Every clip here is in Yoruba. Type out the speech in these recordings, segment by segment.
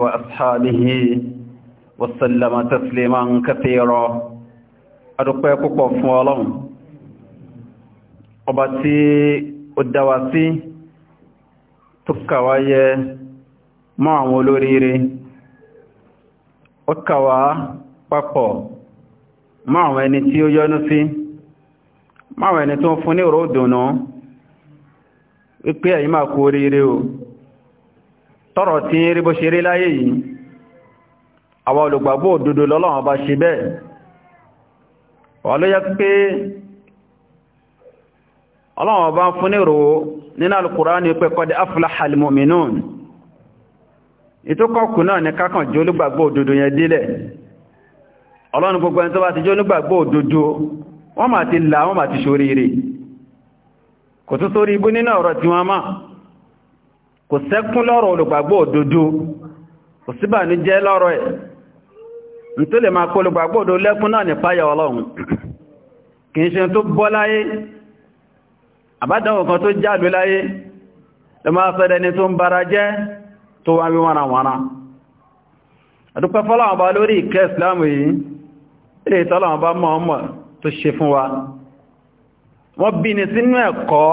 وأصحابه وسلم تسليما كثيرا adúpẹ́ púpọ̀ fún ọlọ́run ọba tí ó dáwà sí tó kàwá yẹ mọ́ àwọn olóríire ó kàwá papọ̀ mọ́ àwọn ẹni tí ó yọ́nú sí mọ́ àwọn ẹni tó ń fún ní ìròdùnú wípé ẹ̀yin máa kú oríire o. Ikawa, tọ́rọ̀ tí rí bó ṣe rí láyé yìí àwọn olùgbàgbọ́ òdodo lọ́lọ́wọ́n bá ṣe bẹ́ẹ̀ wà ló yẹ pé ọlọ́wọ́n bá ń fún ní ro nínú Al-Qur'ani pé qad aflaha al-mu'minun ìtókọ̀kù náà ní kákan jó olùgbàgbọ́ òdodo yẹn kò sẹ́kún lọ́rọ̀ olùgbàgbọ́ òdodo kò síbànújẹ́ lọ́rọ̀ ẹ̀ n tó lè máa kó olùgbàgbọ́ òdodo lẹ́kún náà nípáyà ọlọ́run kì í ṣe tó bọ́ láyé àbádáwò kan tó jáde láyé ló máa sọ ẹni tó ń bara jẹ́ tó wá wí wọ́n bí ni sínú ẹ̀kọ́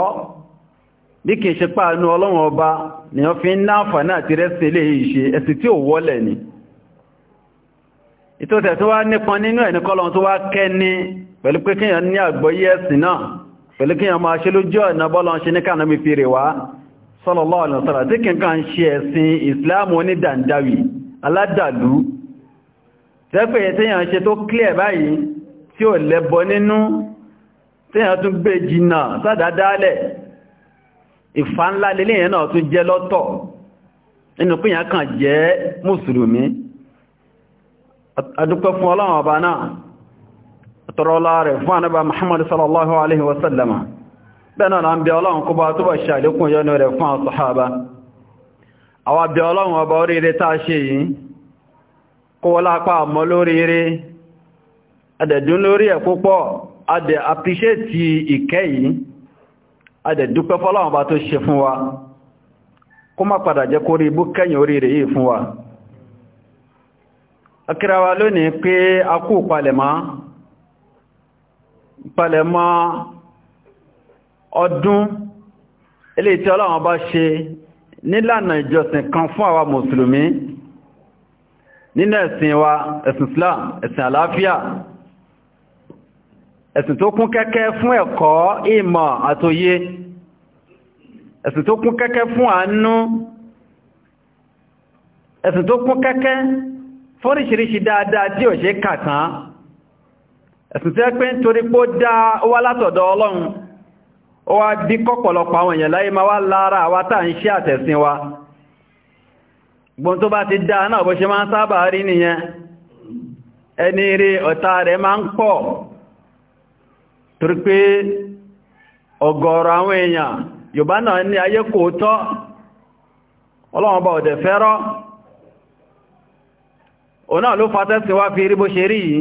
bí kìí ṣe páànú ọlọ́run ọba ni wọ́n fi ń náàfà náà ti rẹ́sì ilé ìṣe ẹ̀sì tí ò wọ́lẹ̀ ni ìtòtẹ̀ tó wá nípọn nínú ẹ̀ ní tó wá kẹ́ ní pẹ̀lú pé kíyàn ní àgbọ́yé ẹ̀sìn náà pẹ̀lú kíyàn máa ṣe lójú ọ̀nà bọ́lọ́n ìfà ńlá lè yẹn náà tún jẹ́ lọ́tọ̀ nínú pínyà kan jẹ́ mùsùlùmí adúpẹ́ fún ọlọ́run ọba náà tọrọlá rẹ̀ fún ànábà muhammad sallallahu alaihi wasallama bẹ́ẹ̀ náà ń ọlọ́run kó bá túbọ̀ ṣe àlékún rẹ̀ fún àwọn ọlọ́run ọba oríire tá a ṣe yìí kó wọ́n lápá àmọ́ lóríire adẹ̀dún lórí ẹ̀ púpọ̀ adẹ̀ appreciate ìkẹ́ adẹ̀ dúpẹ́ fọ́lọ́wọ́n bá tó ṣe fún wa kó má padà jẹ́ kó rí ibú kẹ́yìn orí rẹ̀ yìí fún wa akírawa lónìí pé a kú palẹ̀mọ́ palẹ̀mọ́ ọdún ilé tí ọlọ́wọ́n bá ṣe nílànà ìjọsìn kan fún àwa mùsùlùmí nínú ẹ̀sìn wa ẹ̀sìn Islam ẹ̀sìn àlàáfíà ẹ̀sìn tó kún kẹ́kẹ́ fún ẹ̀kọ́ ìmọ̀ àtòyé ẹ̀sìn tó kún kẹ́kẹ́ fún àánú ẹ̀sìn tó kún kẹ́kẹ́ fóríṣiríṣi dáadáa tí ò ṣe kàtán ẹ̀sìn tó pé nítorí pó dá wá látọ̀dọ̀ ọlọ́run ó wá bí kọ́pọ̀lọpọ̀ àwọn èèyàn láyé máa wá lára àwa tá ń ṣe àtẹ̀sìn wa gbọ́n tó bá ti dá náà bó ṣe máa ń sábà rí nìyẹn ẹni rí ọ̀tá rẹ̀ máa ń pọ̀ torí pé ọ̀gọ̀ọ̀rọ̀ àwọn èèyàn Yorùbá náà ní ayé kò tọ́ ọlọ́wọ́n bá ọ̀dẹ̀ fẹ́rọ́ o náà ló fatẹ́sí wá fi rí bó ṣe rí yìí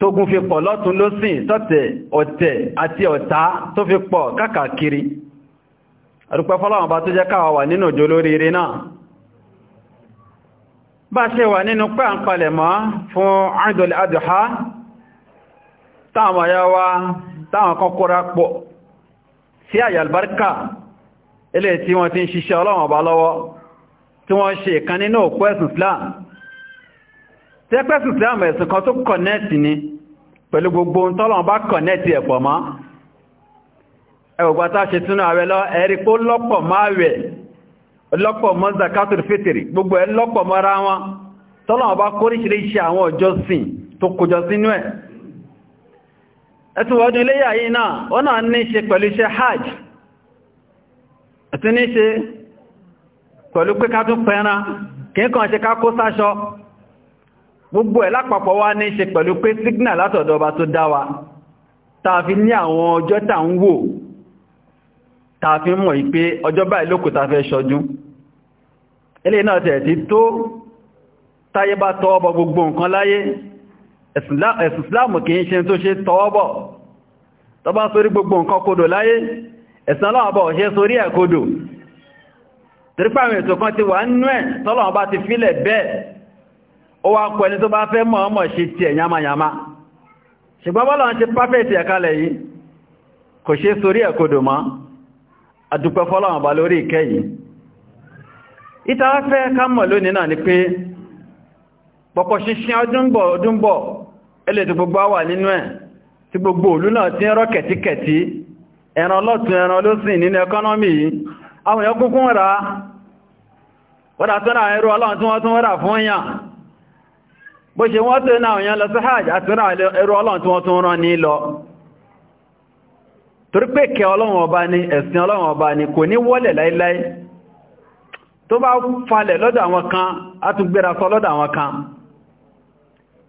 tógun fi pọ̀ lọ́tún lósìn tọ́tẹ̀ ọ̀tẹ̀ àti ọ̀tá tó fi pọ̀ káàkiri àdúpẹ́ fọ́lọ́wọ́n bá tó jẹ́ káwà wà nínú òjò lóríire náà táwọn àyá wa táwọn kan kóra pọ̀ sí àyàlbáríkà ilé tí wọ́n ti ń ṣiṣẹ́ ọlọ́wọ̀n bá lọ́wọ́ tí wọ́n ṣe ìkan nínú òkú ẹ̀sùn Islam tí ẹgbẹ́sùn Islam ẹ̀sùn kan tó kọ̀nẹ́ẹ̀tì ni pẹ̀lú gbogbo ohun tọ́lọ́wọ́n bá kọ̀nẹ́ẹ̀tì ẹ̀pọ̀ mọ́ ẹgbàgbà tá ṣe túnú àwẹ̀ lọ ẹ̀rí pó lọ́pọ̀ máa wẹ̀ lọ́pọ̀ mọ́ zakatul fitri gbogbo ẹ̀ lọ́pọ̀ mọ́ra wọn tọ́lọ́wọ́n bá kóríṣiríṣi àwọn ọjọ́sìn tó kójọ sínú ẹ̀ ẹ̀tù ọdún iléyà yìí náà ó náà ní ṣe pẹ̀lú iṣẹ́ hajj ẹ̀tù ní ṣe pẹ̀lú pé ká tún pẹran kìí kan ṣe ká kó sáṣọ gbogbo ẹ̀ lápapọ̀ wá ní ṣe pẹ̀lú pé signal látọ̀dọ̀ ọba tó dá wa táa fi ní àwọn ọjọ́ tà ń wò táa mọ̀ ìpé ọjọ́ báyìí lókù ta fẹ́ ilé náà tẹ̀ tí tó táyé tọ́ ọbọ̀ ẹ̀sìsìláàmù kìí ṣe tó ṣe tọwọ́bọ̀ tó bá sórí gbogbo nǹkan kodò láyé ẹ̀sìn ọlọ́ọ̀bọ̀ ṣe sórí ẹ̀ kodò tìrípàmì ètò kan ti wà nínú ẹ̀ tọ́lọ̀wọ́n bá ti fílẹ̀ bẹ́ẹ̀ ó wá kọ ẹni tó bá fẹ́ mọ̀ ọmọ ṣe ti ẹ̀ yamayama ṣùgbọ́n bọ́lọ̀ ṣe pápẹ́ẹ̀tì ẹ̀kalẹ̀ yìí kò ṣe sórí ẹ̀ kodò mọ́ adúpẹ́ fọ́lọ̀wọ́n mọ̀ lónìí náà ni pé pọ̀pọ̀ ṣinṣin ọdún bọ̀ ẹlẹ́ tí gbogbo wà nínú ẹ̀ tí gbogbo òlú náà ti ń rọ́ kẹ̀tíkẹ̀tí ẹran lọ́tún ẹran lósìn nínú ẹkọ́nọ́mì yìí àwọn èèyàn rà wọ́dà tó náà ẹrù ọlọ́run tí wọ́n tún rà fún yàn bó ṣe wọ́n tó náà lọ sí hajj àtúnrà ni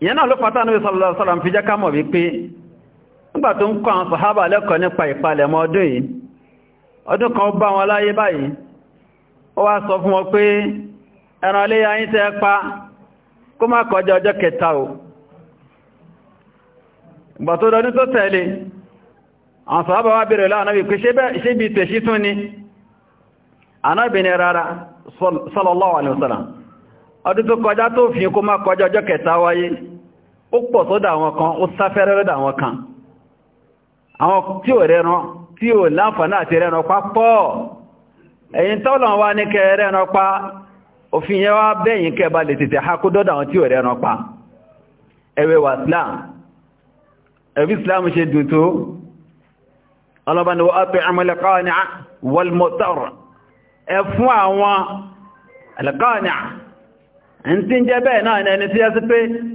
ìyẹn náà ló fata níbi sallallahu alaihi fi jẹ́ ká mọ̀ wípé nígbà tó ń kọ́ àwọn sàhábà lẹ́kọ̀ọ́ nípa ìpalẹ̀mọ́ ọdún yìí ọdún kan bá wọn láyé báyìí ó wá sọ fún wọn pé ẹran iléyá yín tẹ́ pa kó má kọjá ọjọ́ kẹta o ìgbà tó dọdún tó tẹ̀lé àwọn wá láwọn náà wípé ṣé bí tún ni anábìnrin rárá sallallahu alaihi ọdún tó kọjá tó fi kó má kọjá ọjọ́ kẹta wáyé ó pọ̀ sọ́dọ̀ àwọn kan ó sáfẹ́rẹ́ lọ́dọ̀ àwọn kan àwọn tí ò rẹran tí ò láǹfààní àti rẹran pa pọ̀ ẹ̀yin tọ́lọ̀ wá ní kẹ rẹran pa òfin yẹn wá bẹ́yìn kẹ bá lè tètè hakú dọ́dọ̀ àwọn tí ò rẹran pa ẹwẹ́ wà islam ẹ̀bí islam ṣe dùn tó ọlọ́bà ni wọ́n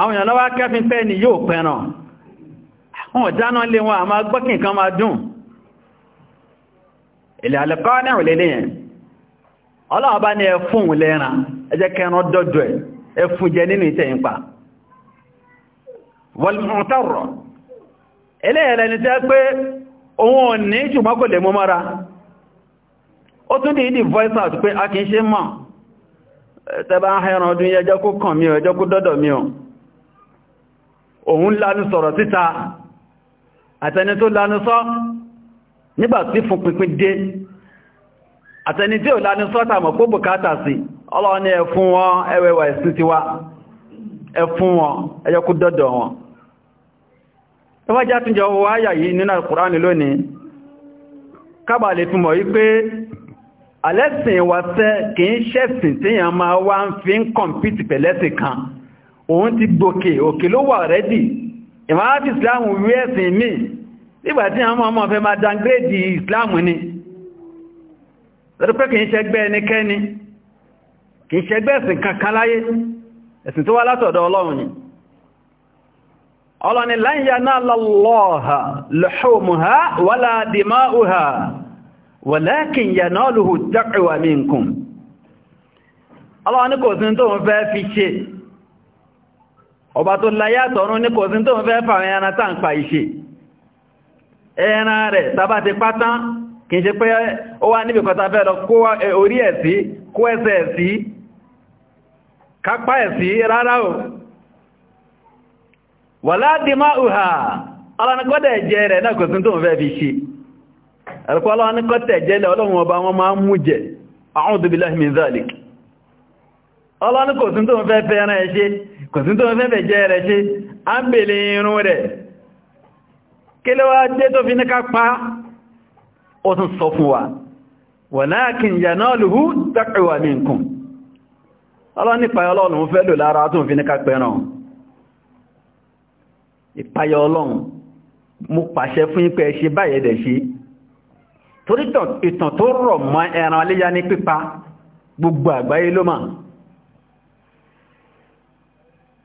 àwọn èèyàn lọ́wọ́ kẹfin pẹ́ ni yóò pẹ̀ràn wọn ò dáná lé wọn àmá gbọ́kìn kan máa dùn ilẹ̀ alẹ́kọ́ ọlọ́wọ́ bá ní ẹfún lẹ́ran ẹjẹ́ kẹran dọ́dọ̀ ẹfún jẹ nínú ìtẹ̀yìn pa wọlmọ̀tọ̀rọ̀ eléyẹ̀lẹ́ a ọdún yẹjọ́ kó kàn mí òun lánú sọ̀rọ̀ síta àtẹni tó lánú sọ nígbàtí fún pínpín dé àtẹni tí ò lánú sọ tàmọ̀ pó bùkátà sí ọlọ́ni ẹ wọn ẹwẹwà ìsìn tiwa ẹ wọn ẹyọkú dọ́dọ̀ wọn yìí nínú kùránì lónìí kábà lè fi mọ̀ wípé alẹ́sìn wàṣẹ́ kìí tíyàn máa kan òun ti gbòkè òkè ló wà rẹ́dì ìmáàtì islam wí ẹ̀sìn mí nígbàtí àwọn ọmọ fẹ́ máa dangrèdì islam ni lọ́dọ́pẹ́ kìí ṣẹgbẹ́ ẹnikẹ́ni kìí ṣẹgbẹ́ ẹ̀sìn kankan láyé ẹ̀sìn tó wá látọ̀dọ̀ ọlọ́run ni ọlọ́ni lan yanala Allaha luhumuha wala dima'uha walakin yanaluhu taqwa minkum ọlọ́ni kò sí tó ń fẹ́ fi ṣe ọba tó láyàtọ̀rún ní kò sí tó ń fẹ́ fà ẹran tá ń pa ìṣe ẹran rẹ̀ sábà ti pátán kì í ṣe pé ó wá níbi kọta fẹ́ lọ kó eh, orí ẹ̀ kó ẹsẹ̀ ẹ̀ kápá ẹ̀ rárá o wà láti máa ùhà alánikọ́dẹ̀ jẹ́ rẹ̀ fi ṣe ẹ̀rọ̀kọ́ alánikọ́tẹ̀ jẹ́lẹ̀ kò sí tó fẹ́fẹ́ jẹ́ rẹ̀ ṣe a ń bèèrè irun rẹ̀ kí ló wá dé tó fi ní ká pa ó tún sọ fún wa walakin yanaluhu taqwa minkum ọlọ́nípa ọlọ́run fẹ́ lò lára tó fi ní ká pẹ̀ràn ìpayọ ọlọ́run mo pàṣẹ fún tó rọ̀ mọ́ ẹran aléyá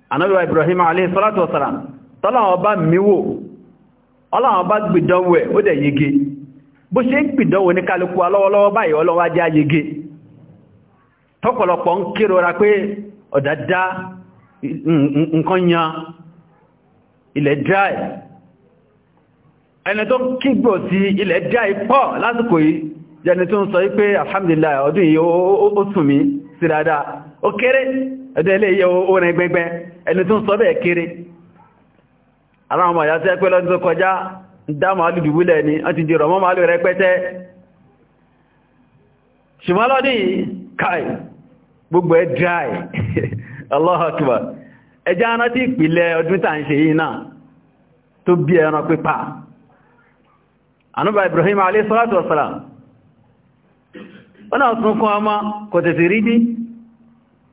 anábíwá ibrahim alayhi salatu wasalam tọ́láwọn bá miwò ọláwọn bá gbìdánwò ẹ̀ ó dẹ̀ yege bó ṣe ń gbìdánwò ní kálukú alọ́wọ́lọ́wọ́ báyìí ọlọ́wọ́ ajá yege tọ́pọ̀lọpọ̀ ń kérora pé ọ̀dádá nǹkan yan ilẹ̀ dry ẹni tó kígbò sí ilẹ̀ dry pọ̀ lásìkò yìí jẹni tó ń sọ wípé alhamdulillah ọdún yìí ó sùn mí sí dáadáa ó kéré ẹ̀dẹ́ ilé iye orin gbẹgbẹ́ ẹni tún sọ bẹ́ẹ̀ kéré ara ọmọ ìyá pẹ́ lọ́dún tó kọjá dá màálù ni a ti di rọ̀mọ́ màálù rẹpẹtẹ ṣùgbọ́n lọ́dún kai gbogbo ẹ dry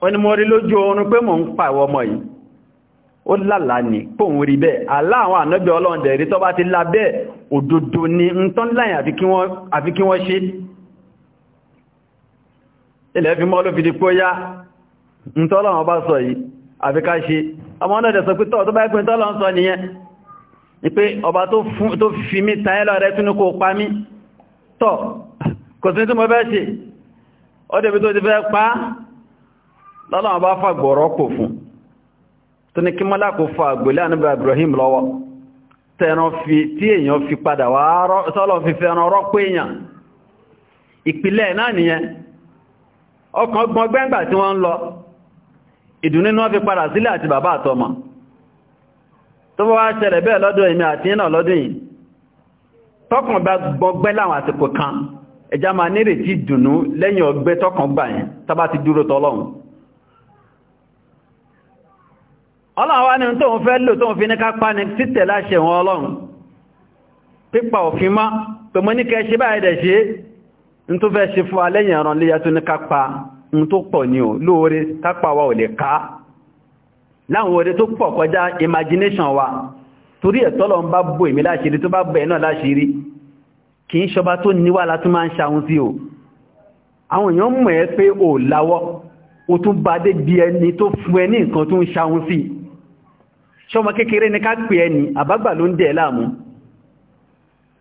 wọ́n ni mo rí lójú oorun pé mò ń pàwọ ọmọ yìí ó lálàá ní pòun rí bẹ́ẹ̀ aláwọn ànábẹ̀ ọlọ́run dẹ̀ rí bá ti la bẹ́ẹ̀ òdodo ni ń tán láyìn àfi kí wọ́n ṣe ilẹ̀ fi mọ́ ló fi di pó yá ń tọ́lọ́run bá sọ yìí àfi ká ṣe ọmọ náà dẹ̀ sọ pé tọ́ tó bá pín tọ́lọ́run sọ nìyẹn ni pé ọba tó fi mí tan ẹ́lọ rẹ tún kó pa mí tọ́ kò sí tí mo fẹ́ ṣe ọdẹ̀bí tó ti fẹ́ pa á lọ́lọ́wọ́ bá fàgbọ̀rọ̀ kò fún tó ní kí mọ́lá kò fà àgbòlé àníbà Ibrahim fi padà wá sọ́lọ́ fi ìpìlẹ̀ náà nìyẹn ọkàn gbọ́n gbẹ́ngbà tí wọ́n ń lọ ìdùnnú náà fi padà sílẹ̀ àti bàbá àtọmọ tó wá ṣẹlẹ̀ bẹ́ẹ̀ lọ́dún àti lọ́dún yìí tọ́kàn bá láwọn àsìkò kan ẹjá máa nírètí ìdùnnú ọlọ́run wá ní tó ń fẹ́ lò tó ń fi ní kápá ní títẹ̀ láṣẹ wọn ọlọ́run pípa òfin má pè mọ́ ní kẹ́ ṣe báyìí dẹ̀ ṣe ń tó fẹ́ ṣe fún alẹ́yìn ẹ̀rọ léyà tó ní kápá wa ò lè ká láwọn oore tó imagination wa torí ẹ̀tọ́lọ ń bá bò èmi láṣìírí tó bá bẹ̀ náà láṣìírí kì í ṣọba tó níwà látún máa ń ṣàwọn sí o àwọn o tún bá dé bí ẹni tó fún ẹ ní nǹkan tó ń ṣàwọn sí i ṣọmọ kékeré ní ká pè ẹni àbágbà ló ń dẹ̀ láàmú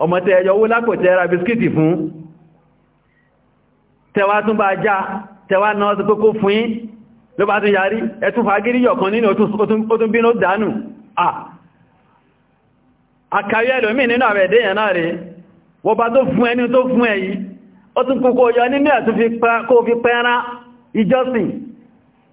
ọmọ tẹ ẹyọ owó lápòtẹ́ ra bisikíti fún tẹwàá tún bá já tẹwàá náà sí pé kó fún yín ló bá tún yarí ẹtún fagírí yọ̀kan nínú ó tún bínú dánù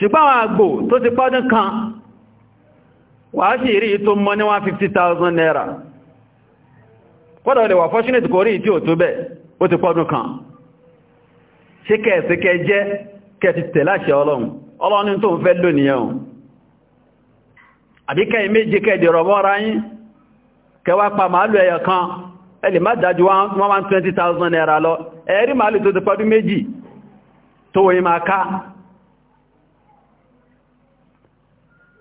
ṣùgbọ́n àwọn àgbò tó ti pọ́dún kan wà á sì rí tó mọ́ ní 150,000 naira kọ́dọ̀ lè wà fortunate kò rí tí ò tó bẹ̀ ó ti pọ́dún kan ṣe kẹ̀ẹ̀sì kẹ jẹ́ kẹ ti tẹ̀ láṣẹ ọlọ́run ọlọ́run tó ń fẹ́ lónìyàn àbí kẹ́ méje kẹ́ẹ̀dì rọ̀mọ́ra yín kẹwàá pa màálù naira lọ ẹ̀rí màálù tó ti pọ́dún méjì tó wọ́n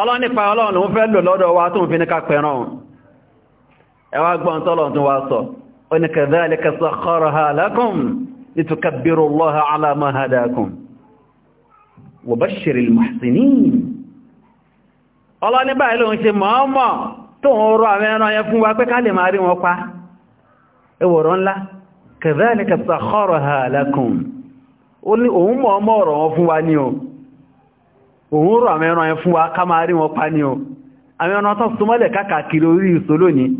ọlọ́run nípa ọlọ́run ló ń fẹ́ lò lọ́dọ̀ wa tó ń fi ní ká pẹ̀rán ẹwà gbọ́n tọ́lọ̀ tó wá sọ ó ní kadhalika sakhkharaha lakum litukabbiru Allaha ala ma hadakum wa bashshiril muhsinin ọlọ́run nípa òun ṣe mọ́ọ́mọ́ ọ̀rọ̀ wọn fún wa ní o òun rọ àwọn ẹran ẹ fún wa ká máa rí wọn pa ní o àwọn ẹran tán súnmọ́lẹ̀ káàkiri orí ìsò lónìí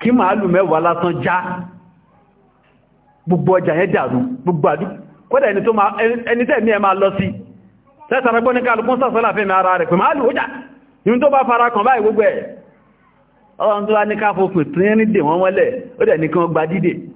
kí màálù mẹ́wàá lásán já gbogbo ọjà yẹn dàrú gbogbo àdú kódà ẹni tẹ́ẹ̀mí ẹ máa lọ sí tẹ́sàrà gbọ́ ní kálukún sàsọ́là fẹ́mi ara rẹ̀ pé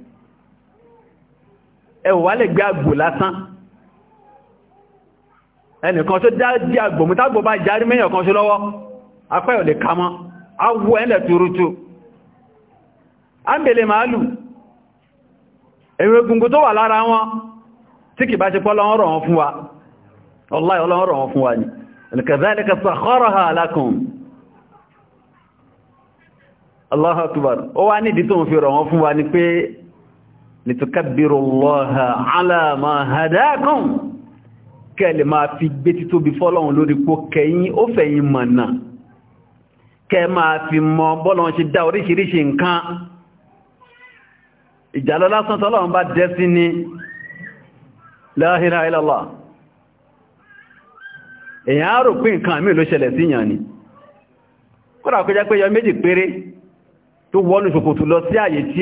ẹ wà lè gbé àgbò lásán ẹnìkan tó jájí àgbò mú tágbò bá járí mẹ́yàn kan sí lọ́wọ́ apẹ́ ò lè ká mọ́ awọ ẹ̀lẹ̀ tuurutu a ń bèèrè màálù èrò egungun tó wà lára wọn tí kì bá ṣe pọ́ lọ́wọ́ rọ̀wọ́ fún wa wallahi ọlọ́wọ́ rọ̀wọ́ fún wa lakum Allahu akbar ó wá nídìí tó ń fi rọ̀wọ́ fún wa ni pé lìtùkàbírò lọ́ha aláàmà hadakum kẹlẹ̀ máa fi gbé tító bí fọ́lọ́run lórí pó kẹyìn ó fẹ̀yìn mọ̀nà kẹ máa fi mọ bọ́lọ́run ṣe dá oríṣiríṣi nǹkan ìjàlọ lásán tọ́lọ́run bá dẹ́ sí ní la ilaha illallah èyàn á rò pé nǹkan mí ló ṣẹlẹ̀ sí yàn ni kọ́nà kọjá pé yọ méjì péré tó wọ́nù ṣòkòtò lọ sí àyè tí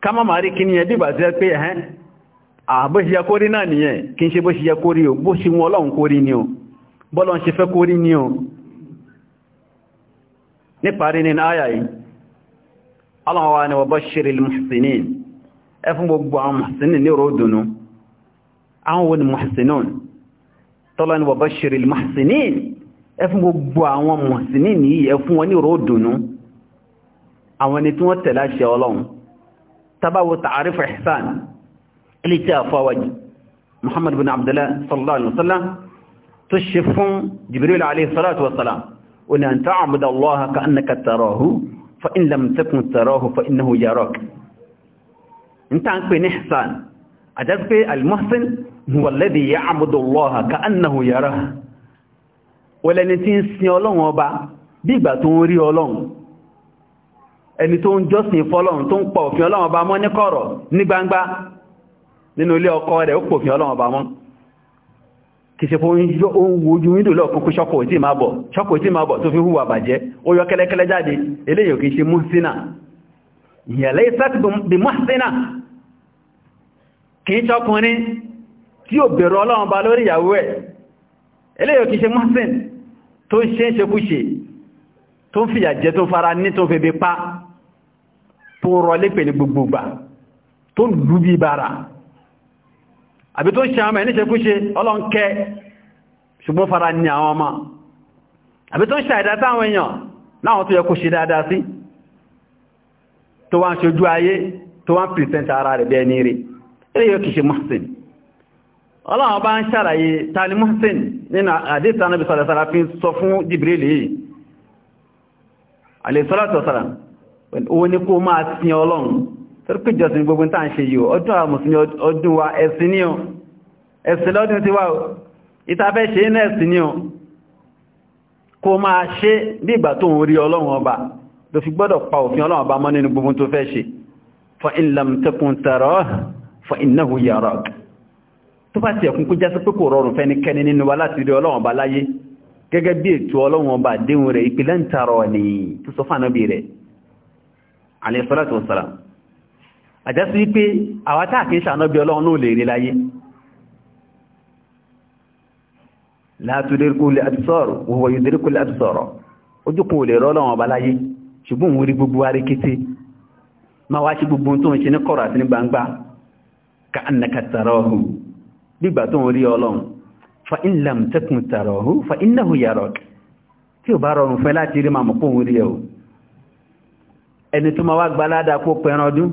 kámọ́ máa rí kí ní ẹbí bá jẹ́ pé ẹ̀hẹ́n àbó ṣe yẹ kó rí náà nìyẹn kí n ṣe bó ṣe yẹ kó rí o bó ṣe wọn ọlọ́run kó rí ni o bọ́lọ́n ṣe fẹ́ kó rí ni o níparí nínú àyà yìí ọlọ́run wa ni wa bashiril muhsinin ẹ fún gbogbo àwọn muhsinin ní ròdùnú àwọn wo ni muhsinun tọ́lọ́ ni wa bashiril muhsinin ẹ fún gbogbo àwọn muhsinin yìí ẹ fún wọn ní ròdùnú àwọn ni tí wọ́n tẹ̀lé àṣẹ ọlọ́run tabawo ta'arifu ihsan ilé tí a fọwọ́jì muhammad bin abdullah sallallahu alaihi wasallam tó ṣe fún jibril alaihi salatu wasalam o ni an ta'abuda allaha ka annaka tarahu fa in lam takun tarahu fa innahu yarak in ta ń pè ní ihsan a jẹ́ pé almuhsin huwa alladhi ya'budu allaha ka annahu yarahu wọlẹ́ni tí ń sin ọlọ́run ọba bí ìgbà tó ń rí ẹni tó ń jọ́sìn fọ́lọ́run tó ń pa òfin Ọlọ́run bá mọ́ ní kọ̀rọ̀ ní gbangba nínú ilé ọkọ rẹ̀ ó pòfin Ọlọ́run bá mọ́ kì í ṣe fún oúnwò ojú wíńdò lọ́ọ̀kan kó ṣọ́kọ̀ tí máa bọ̀ ṣọ́kọ̀ tí máa bọ̀ tó fi hùwà bàjẹ́ ó yọ kẹ́lẹ́kẹ́lẹ́ jáde eléyìí kì í ṣe muhsina ṣe muhsin ṣe tó ń fìyà jẹ tó ń fara ní tó ń febi pa tó rọlé pẹ̀lú gbogbogbà tó lù bí bára àbí tó ṣe àmà ẹníṣẹ́kúṣe ọlọ́nkẹ́ ṣùgbọ́n fara ní àwọn ọmọ àbí tó ń ṣe àìdá táwọn èèyàn láwọn tó yẹ kó ṣe dáadáa sí tó wá ń ṣojú ayé tó wá ń pìrìsẹ́ntà ara rẹ̀ bẹ́ẹ̀ ní rí ẹ̀rẹ́ yóò kìí ṣe Muhsin ọlọ́wọ́n bá ń ṣàlàyé tani Muhsin nínú àdíta náà bí sọ̀rọ̀ sára fi sọ fún Jibril yìí alayhi salatu òun ni kó máa sin ọlọ́run torí pé jọsìn gbogbo tá ń ṣe yìí ọdún àwọn mùsùlùmí ọdún wa ẹ̀sìn ní ọ ẹ̀sìn lọ́dún ti wá ọ ìtafẹ́ ṣe ní ẹ̀sìn ní ọ kó máa ṣe bí ìgbà tó ń rí ọlọ́run ọba ló fi gbọ́dọ̀ pa òfin ọlọ́run ọba mọ́ nínú gbogbo tó fẹ́ ṣe fa in lam fa innahu yarak tó bá ti ẹ̀kún kó jásí pé kò rọrùn fẹ́nikẹ́ni nínú wa láti rí ọlọ́run ọba láyé gẹ́gẹ́ bí ètò ọlọ́run ọba àdéhùn alayhi salatu wassalam àjẹ́sí pé àwa tá kìí ṣànábí ọlọ́run náà lè rí láyé la tudrikul absar wa huwa yudrikul absar ojú kò lè rọ́lọ́run ọba láyé ṣùgbọ́n òun rí gbogbo wa rí kété ma wá sí gbogbo tó ń ṣe ní kọ̀rọ̀ àti ní gbangba tí ò bá rọrùn fẹ́ láti rí ma mọ̀ pé rí ẹ̀ ẹni tó ma wá gbalada kó pẹran ọdún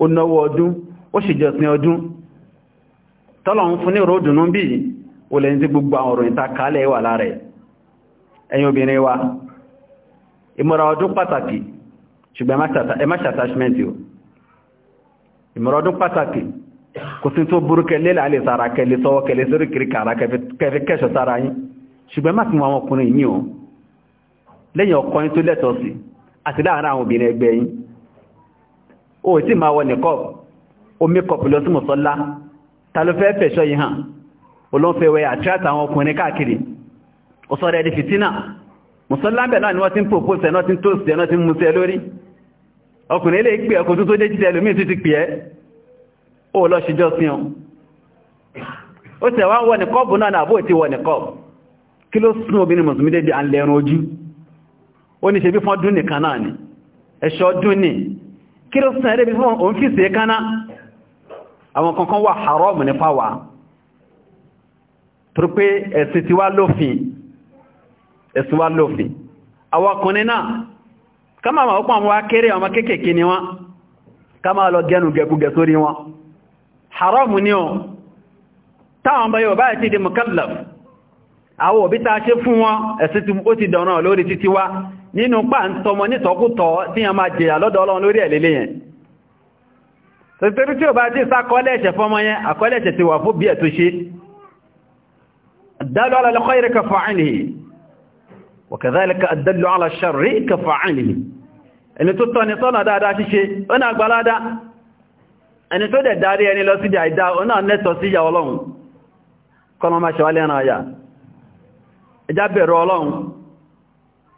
ó náwó ọdún ó ṣèjọsìn ọdún tọ́lọ̀ ń fún ní ròdùnú bí o lè ń tí gbogbo àwọn òròyìn ta kálẹ̀ wà lára ẹ̀yin obìnrin wa ìmọ̀ra ọdún pàtàkì ṣùgbọ́n ẹ má o ìmọ̀ra ọdún pàtàkì kò sí tó burú kẹlẹ́ lálẹ́ sára kẹlẹ́ sọ́wọ́ kẹlẹ́ sórí kiri kàrà kẹfẹ́ kẹṣọ sára yín ṣùgbọ́n má fi wọn ọkùnrin yìí o lẹ́yìn ọkọ yín tó lẹ́tọ̀ọ́ sí àti láàárín àwọn obìnrin ẹgbẹ́ yìí o tí ma wọ nìkọ́ omi kọ̀pù lọ sí mọ̀sọ́lá ta ló fẹ́ fẹ̀ṣọ́ yìí hàn olóńfẹ́wẹ́ àtíráta àwọn ọkùnrin káàkiri ọ̀sọ́rẹ̀ ẹni fìtínà mọ̀sọ́lá bẹ̀ náà ni wọ́n ti ń pòpòsẹ̀ náà ti ń tóòsẹ̀ náà ti ń musẹ̀ lórí ọkùnrin ilé pè ọkùn tó tó dé jíjẹ lómi tó ti pè ẹ́ ó lọ ṣíjọ́ sí ọ ó tẹ̀wá wọ nìkọ́ọ̀bù náà àbó ti wọ nìkọ́ọ̀bù kí ló sún obìnrin mùsùlùmí débi à ń lẹ́run ojú ó ní ṣe bí fún ọdún nìkan náà ni ẹ̀ṣọ́ ọdún ni kí ló sàn ẹ̀rẹ́ bí fún òun fi ṣe káná àwọn kankan wà haram ní fáwà tó pé ẹ̀sìn ti wá lófin ẹ̀sìn wá lófin àwọn náà ká ma ọ̀pọ̀ àwọn akéré ọmọ kéékèèké ni wọ́n ká máa lọ gẹnu gẹkúgẹ sórí wọn haram ni ọ táwọn ọmọ yóò báyìí ti di mukallaf àwọn òbí ta ṣe fún wọn ẹ̀sìn ó ti dọ̀nà lórí títí wá nínú pà ń tọmọ nítọkútọ tí a máa jẹyà lọ́dọ̀ ọlọ́run lórí ẹ̀lẹ́lẹ́ yẹn tẹ̀tẹ̀rí tí ó bá ti sákọọ́lẹ̀ ẹ̀ṣẹ̀ yẹn àkọọ́lẹ̀ ti wà fún bí ẹ̀ ṣe الدال على الخير كفاعله وكذلك الدل على الشر كفاعله ẹni tó tọ́ni sọ́nà dáadáa ṣíṣe ọ̀nà àgbàládá ẹni tó dẹ̀ darí ẹni lọ síjà ìdá ọ̀nà nẹ́tọ̀ síjà ọlọ́run kọ́nà máa ṣe wálé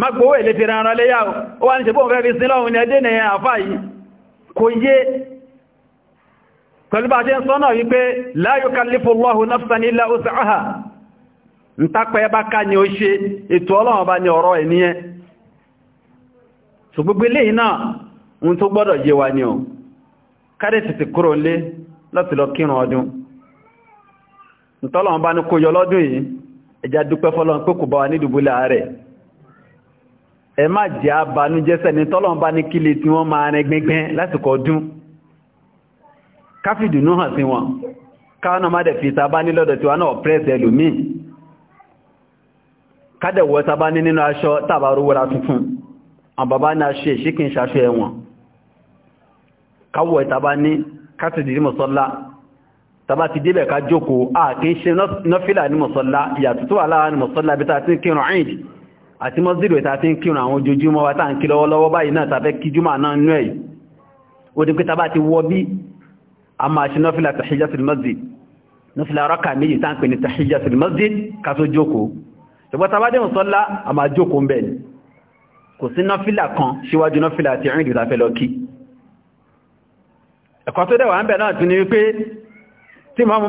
má gbówó èlé fi ránran léyà ó wá ní ṣe bóhùn fẹ́ fi sílọ́ òun ni ẹdé ní àfá yìí kò yé pẹ̀lú bá ṣe ń sọ́nà wípé la yukallifu Allahu nafsan illa wus'aha ń tápẹ́ bá ká ní ó ṣe ètò ọlọ́run bá ní ọ̀rọ̀ ẹ̀ níyẹn so gbogbo eléyìí náà ohun ni o yọ lọ́dún yìí ẹja dúpẹ́ fọ́lọ́run pé kò bá wa nídùbúlẹ̀ àárẹ̀ ẹ má jẹ́ abanújẹ́sẹ̀ ní tọ́lọ̀mbá ní kílé tí wọ́n máa rẹ gbẹ́gbẹ́n lásìkò ọdún káfìdùnú hàn sí wọn káwọn náà má dẹ̀ fi sábá ní lọ́dọ̀ tí wọ́n náà pẹ́ẹ̀sẹ̀ ẹlòmíì kádẹ̀wọ́ sábá ní nínú aṣọ tàbárúwọ́ra tuntun àwọn bàbá ní aṣọ ìṣíkí ìṣàṣọ ẹ̀wọ̀n káwọ̀ ìtàbá ní kásìdì ní mọ̀sọ́lá tàbá ti débẹ̀ ká jókòó à àti mọ́sílù ìta tí ń kírun àwọn ojoojúmọ́ wa táà ń kí lọ́wọ́lọ́wọ́ báyìí náà tàbẹ́ kí náà nú ẹ̀ ó ní pé tàbá ti wọ́ bí a máa ṣe nọ́fílà tàhíjásìl masjid nọ́fílà rákà méjì tá ń pè ní tàhíjásìl masjid ká tó jókòó ṣùgbọ́n tàbá dé mùsọ́lá a ni kò sí nọ́fílà kan síwájú nọ́fílà ti rìn ìdìtàfẹ́ lọ kí ẹ̀kọ́ tó dẹ̀ wà ń bẹ̀ náà ti ní wípé tí màmú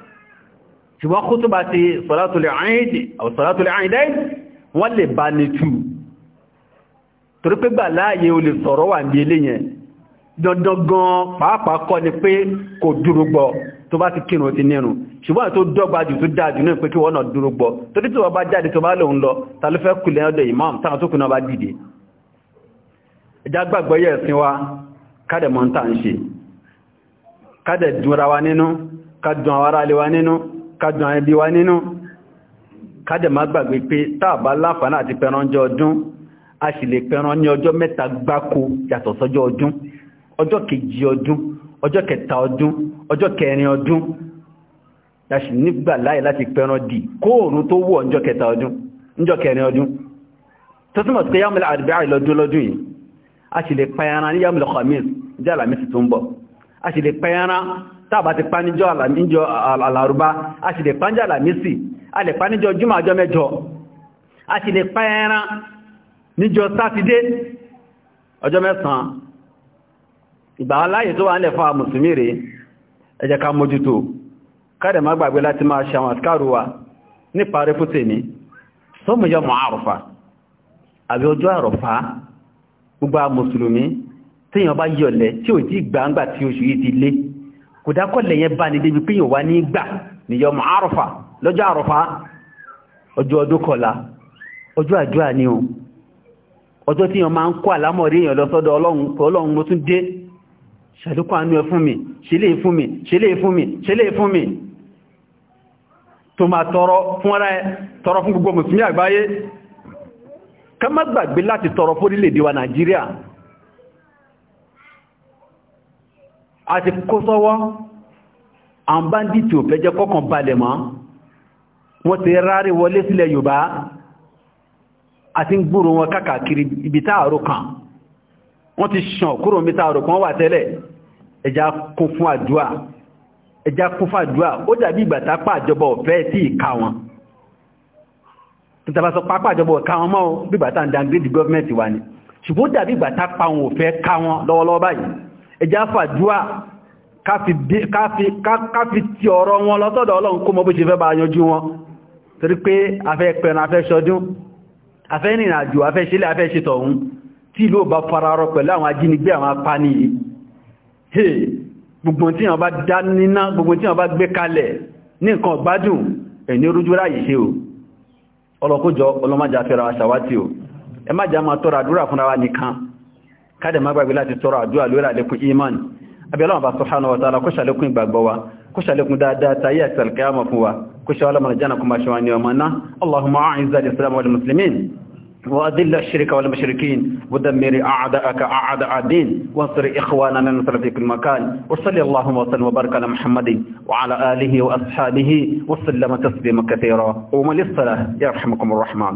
ṣùgbọ́n kó tó bá ti sọ́látòlẹ̀ àìdáì wọ́n lè bá ní tú torí pé gbà láàyè o lè sọ̀rọ̀ wà ní ilé yẹn dandan pàápàá kọ́ ni pé kò dúró tó bá ti kírun ti nírun ṣùgbọ́n tó dọ́gba jù tó dáa jù pé kí wọ́n náà dúró gbọ́ torí tí wa kádẹ̀ mọ́ntà ń ṣe kádẹ̀ wa nínú kájọ ẹbí wa nínú kájẹ̀ má gbàgbé pé tààbá láǹfààní àti pẹranjọ ọdún a sì lè pẹran ní ọjọ́ mẹ́ta gbáko yàtọ̀ sọ́jọ́ ọdún ọjọ́ kejì ọdún ọjọ́ kẹta ọdún ọjọ́ kẹrin ọdún a nígbà láyé láti pẹran dì kóòrùn tó wọ̀ ọjọ́ kẹta ọdún ọjọ́ kẹrin ọdún tó sí pé yàmùlẹ̀ àdìbẹ́ lọ́dún lọ́dún yìí a sì lè ní yàmùlẹ̀ jẹ́ tàbá ti pánijọ́ àlàrúbá a sì lè pánjọ́ àlàmísì a lè pánijọ́ jùmọ̀ àjọ mẹ́jọ a sì lè pá ẹran níjọ́ sátidé ọjọ́ mẹ́sàn ìgbà aláyè tó wà nílẹ̀ fún àmùsùmí rẹ̀ ẹ jẹ́ ká mójútó kádẹ̀ má gbàgbé láti máa ṣe àwọn àtikáruwa nípa rẹ́fútẹ̀ ní sọ́mùyọ́ mọ̀ àrùfà àbí ọjọ́ àrùfà gbogbo àmùsùlùmí tíyàn bá kòdákọ̀lẹ̀ yẹn bá ní débi pínyàn wá ní gbà ní yọ mọ̀ àrọ̀fà lọ́jọ́ àrọ̀fà ọjọ́ ọdún kọlá ọjọ́ àjúà ni o ọjọ́ tí yàn máa ń kó àlámọ̀rí èèyàn lọ sọ́dọ̀ ọlọ́run mo tún dé ṣàdúkọ́ àánú ẹ fún mi ṣẹlẹ̀ fún mi ṣẹlẹ̀ fún mi ṣẹlẹ̀ fún mi tó máa tọrọ àti kó sọ́wọ́ àwọn báńdìtì ò fẹ́jẹ́ kọ́kàn balẹ̀ mọ́ wọ́n ti rárí wọlé sílẹ̀ Yorùbá àti ń gbúrò wọn kákàkiri ibi táàrò kan wọ́n ti ṣàn kúrò mi táàrò kan wà tẹ́lẹ̀ ẹja kún fún àdúà ẹja kún fún àdúà ó dàbí ìgbà tápà àjọba ọ̀fẹ́ tí ìka wọn tàbí sọ pápá àjọba wọn mọ́ bí ìgbà tá ń downgrade government wa ni ṣùgbọ́n dàbí ìgbà tápà wọn ò ká wọn lọ́wọ́lọ́wọ́ báyìí ẹjá fàdúà káfi ti ọ̀rọ̀ wọn lọ́sọ́dọ̀ ọlọ́run kó mọ́ bó ṣe fẹ́ bá yanjú wọn torí pé afẹ́ pẹ̀rọ afẹ́ ṣọdún afẹ́ ìrìn àjò afẹ́ ṣílẹ̀ afẹ́ ṣe tọ̀hún tí ìlú bá fararọ pẹ̀lú àwọn ajínigbé àwọn apani yìí gbogbo tí wọ́n bá dá níná gbogbo tí wọ́n bá gbé ní wa ṣàwátì kada má gbàgbé láti tọrọ àdúrà lórí àlékún imani abẹ́lọ́wọ̀n bá subhanahu wa ta'ala kó sha le ṣàlékún ìgbàgbọ́ wa kó sha ṣàlékún dáadáa tayé àti alkiyama fún wa kó sha ṣe alamar jana kuma sha wani ọmọ náà allahumma a'izza al-islam wal muslimin وأذل الشرك والمشركين ودمر أعداءك أعداء الدين وانصر إخواننا نصر في كل مكان وصلى اللهم وسلم وبارك على محمد وعلى آله وأصحابه وسلم تسليما كثيرا ومن للصلاة يرحمكم الرحمن